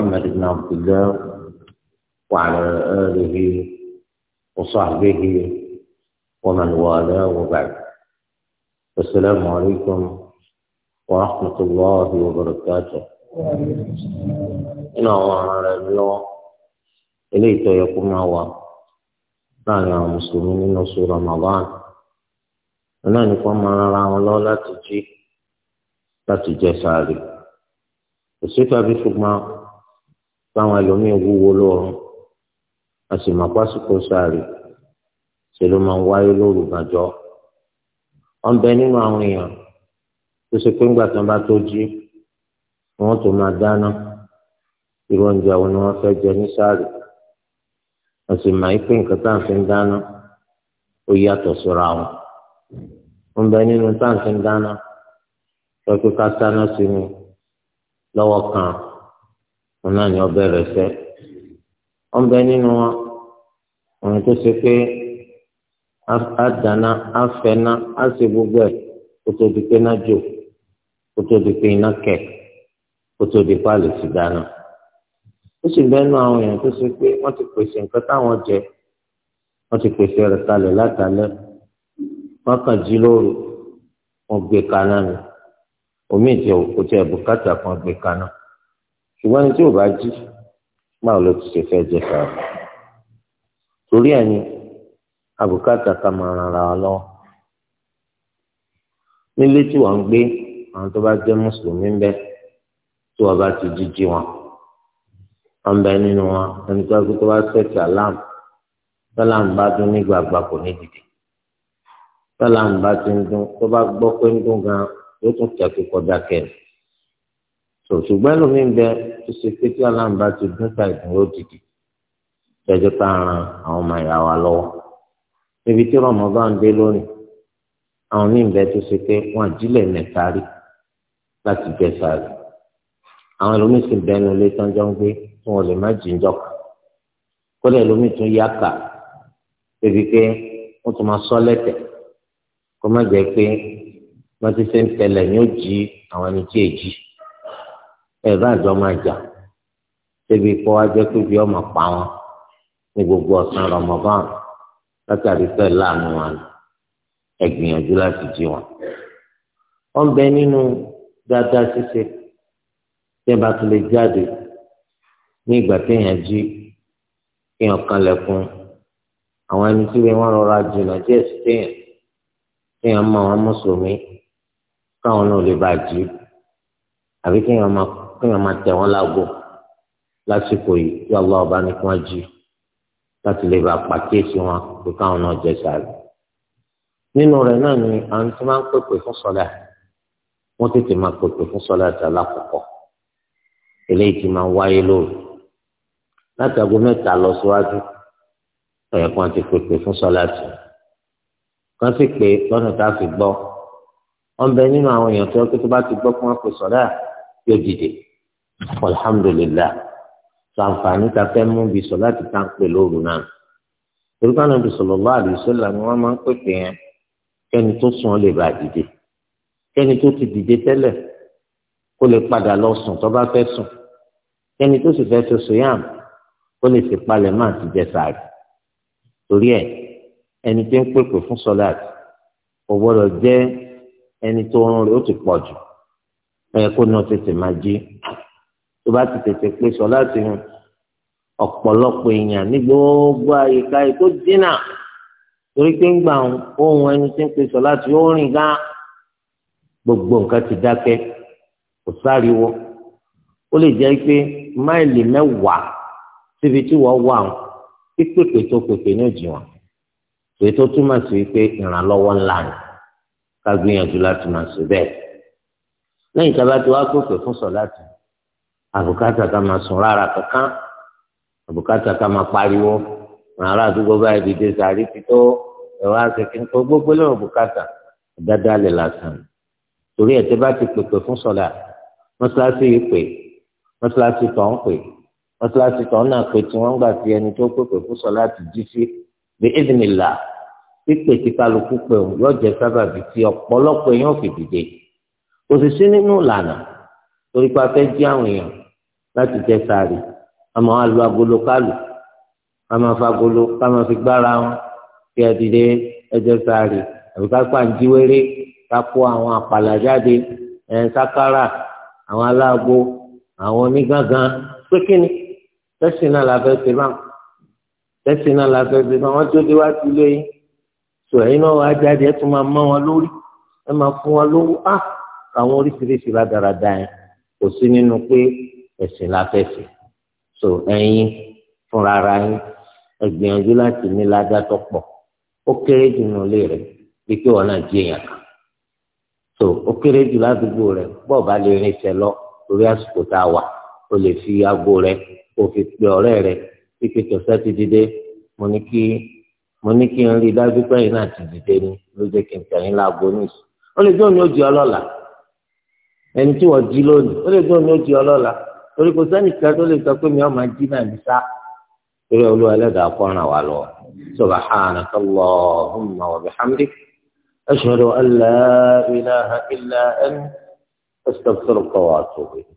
محمد بن عبد الله وعلى آله وصحبه ومن والاه وبعد السلام عليكم ورحمة الله وبركاته إن الله على الله إليه يقوم نعم الله كان المسلمين نصر رمضان أنا نقوم على الله لا تجي لا تجي سالي وسيطة بشكما báwọn ẹlòmíín wúwo lọ́rùn a sì mọ̀ pásítọ̀ sáré ṣe ló máa ń wáyé lóru gàjọ́ wọ́n bẹ nínú àwọn èèyàn tó ṣe pé ńgbà tán bá tó jí wọ́n tó máa dáná irú oúnjẹ wo ni wọ́n fẹ́ jẹ ní sáré wọ́n sì máa ń pín nǹkan tá à ń fi ń dáná ó yàtọ̀ síra wọn wọ́n bẹ nínú tá à ń fi dáná lọ́ọ́ sáná sí ni lọ́wọ́ kan wọn náà ní ọbẹ̀ rẹ̀ fẹ́ wọn bẹ nínú wọn àwọn tó ṣe pé àdáná àfẹná á ṣe gbogbo ẹ̀ kó tó di pé iná jò kó tó di pé iná kẹ̀ kó tó di pé àlè dáná ó sì bẹ́nu àwọn èèyàn tó ṣe pé wọ́n ti pèsè nǹkan táwọn jẹ wọ́n ti pèsè rẹ̀ kalẹ̀ látàlẹ́ wọ́n kàn jí lóru wọ́n gbé kaná ni omi ìjẹ́ òkú tí bùkátà kan gbé kaná ṣùgbọ́n ẹni tí ò bá jí máa lọ ti ṣe fẹ́ jẹ sàrà torí ẹni àbùkátà ká máa ran ara wa lọ́wọ́ nílé tí wọ́n ń gbé àwọn tó bá jẹ́ mùsùlùmí ń bẹ tí wọ́n bá ti jíjí wọn wọ́n bẹ nínú wọn ẹni tó bá tó bá ṣẹ̀tì alam tọ́lám bá dún nígbà àgbà kò ní dìde tọ́lám bá ti ń dún tó bá gbọ́ pé ń dún gan yóò tún tẹ̀ kọjá kẹ́ẹ̀ tó ṣùgbọ́n lómi ń bẹ tó ṣe pé tí aláǹbá ti dún ta ìdúró dìde jẹjẹ ká ran àwọn ọmọ ìyá wa lọ́wọ́ níbi tí rọmọbá ń dé lónìí àwọn míì ń bẹ tó ṣe pé wọn àjílẹ̀ mẹ́ta rí láti jẹ sáré àwọn ẹlòmíì sì bẹnu ilé tán jọ ń gbé tí wọn lè má jíjọ kà kódà ẹlòmíì tún yá kà débi pé wọn tún máa sọ lẹ́tẹ̀ kó má jẹ́ pé wọn ti ṣe ń tẹlẹ ní ó jí àwọn ẹni tí èjì ẹ bá àjọ máa jà débi kọ́ ajẹ́ pé bí ọmọ pa wọn ní gbogbo ọ̀sán Ramadan látàrí pẹ́ láàánú wọn ẹ gbìyànjú láti jí wọn. wọ́n bẹ nínú dáadáa ṣíṣe tẹ́ bá tún lè jáde ní ìgbà téèyàn jí kéèyàn kanlẹ̀kùn àwọn ẹni tí wọ́n rọra jìnnà díẹ̀ sí téèyàn téèyàn mọ àwọn mùsùlùmí káwọn náà lè bá jí àbí kéèyàn máa kí wọn máa tẹ̀ wọ́n láago lásìkò yìí tí ọlọ́wọ́ bá ní kí wọ́n jí láti lè bá pàkíyèsí wọn pé káwọn náà jẹ sàárè. nínú rẹ̀ náà ni àwọn tí máa ń pèpè fún sọ́lá wọ́n tètè máa pèpè fún sọ́lá àti alákọ̀ọ́kọ́ eléyìí ti máa ń wáyé lóru láti aago mẹ́ta lọ síwájú ẹ̀yẹ̀ kan ti pèpè fún sọ́lá tì kan sì pé lọ́nà tá a fi gbọ́ wọ́n bẹ nínú àwọn èèyàn tó yẹ kó tó bá ti gbọ́ kí wọ́n pè sọ́lá yóò dìde alhamdulilah sànfààní ta fẹ́ mú bí sọ láti tá à ń pè lóru náà orúkọ náà bí sallallahu alaihi wasallam ni wọ́n máa ń pèpè yẹn kẹ́ni tó sùn lè bá dìde kẹ́ni tó ti dìde tẹ́lẹ̀ kó lè padà lọ sùn tó bá fẹ́ sùn kẹ́ni tó sì fẹ́ soso yàn kó lè sì palẹ̀ máa ti jẹ sàárì torí ẹ̀ ẹni tó ń pèpè fún sọláàtì kò gbọ́dọ̀ jẹ́ ẹni tó ń rìn ó ti pọ̀ jù ẹ̀ kó náà tètè máa jí tó bá ti tètè pé sọ láti hun ọ̀pọ̀lọpọ̀ èèyàn ní gbogbo àyíká yìí tó dínà torí pé ń gbà ohun ẹni tí ń pè sọ láti ó rìn gán gbogbo nǹkan ti dákẹ́ kò sáriwo ó lè jẹ́ pé máìlì mẹ́wàá síbi tí wọ́n wà ń pípèpè tó pèpè ní òjì wọn èyí tó túmọ̀ sí wípé ìrànlọ́wọ́ ńlá ni ká gbìyànjú láti máa ṣe bẹ́ẹ̀ lẹ́yìn tí a bá ti wá pèpè fún sọ láti àbùkátà ká máa sùn rárá kankan àbùkátà ká máa pariwo màrà àdúgbò báyìí dìde sàrí títọ ẹwà àṣekín tó gbogbo lọ́rọ̀ àbùkátà dáadáa lè lásán torí ẹ̀ tẹ́ bá ti pèpè fún sọ̀lá mọ́ṣáláṣí yìí pè mọ́ṣáláṣí tó ń pè mọ́ṣáláṣí tó ń nà pé tí wọ́n gbà tí ẹni tó pèpè fún sọ̀lá ti jí sí bí ìdìnnìlà pípè tí kálukú pé òun yóò jẹ sábàbí tí ọ̀pọ̀lọpọ̀ èèyàn fi dìde òṣìṣẹ́ nínú ìlànà torí pé a jí àwọn èèyàn láti jẹ sàárì àmọ́ alu agolo kálù àmọ́ fagolo àmọ́ fi gbára wọn fi ẹdìdẹ ẹjẹ sàárì àbí kápá ń jíwèrè kápó àwọn àpàlà jáde ẹ sákárà àwọn aláàgbo àwọn onígangan pé kíni tẹsí náà la fẹ́ ṣe báwọn tẹsí náà la fẹ́ ṣe báwọn wọn tó dé wá sí ilé yìí sọ ẹ̀yin náà wàá jáde ẹ tún máa mọ wọn lórí ẹ máa fún wọn lówó á ah! àwọn oríṣiríṣi ládàradà yẹn kò sí nínú pé ẹ̀sìn láfẹ̀sìn so ẹ̀yin fúnra ara yín ẹ gbìyànjú láti ní ládàtọ̀ pọ̀ ó kéré jù nù lé rẹ̀ bí wọn náà jí èèyàn kan so ó kéré jù ládùúgbò rẹ̀ bọ́ọ̀ bá lè rìn ìṣẹ́ lọ torí àsìkò tá a wà o lè fi aago rẹ̀ kó fi pe ọ̀rẹ́ rẹ̀ pípé tọ̀sẹ̀ ti dìde mo ní kí mo ní kí n rí i dájú pé ẹ̀yin náà ti dìde ni ló jẹ́ kí n tẹ̀yìn láago níìsí ó lè dóòní ó di ọlọ́la ẹni tí wọ́n jí lónìí ó lè dóòní ó di ọlọ́la torí kò sẹ́nìkan tó lè sọ pé mi ò máa jí náà níta torí olúwa ẹlẹ́dàá kọ́ràn wà lọ subhanaka allahumma wa bihamdik ashhadu an la ilaha illa anta astaghfiruka wa atubu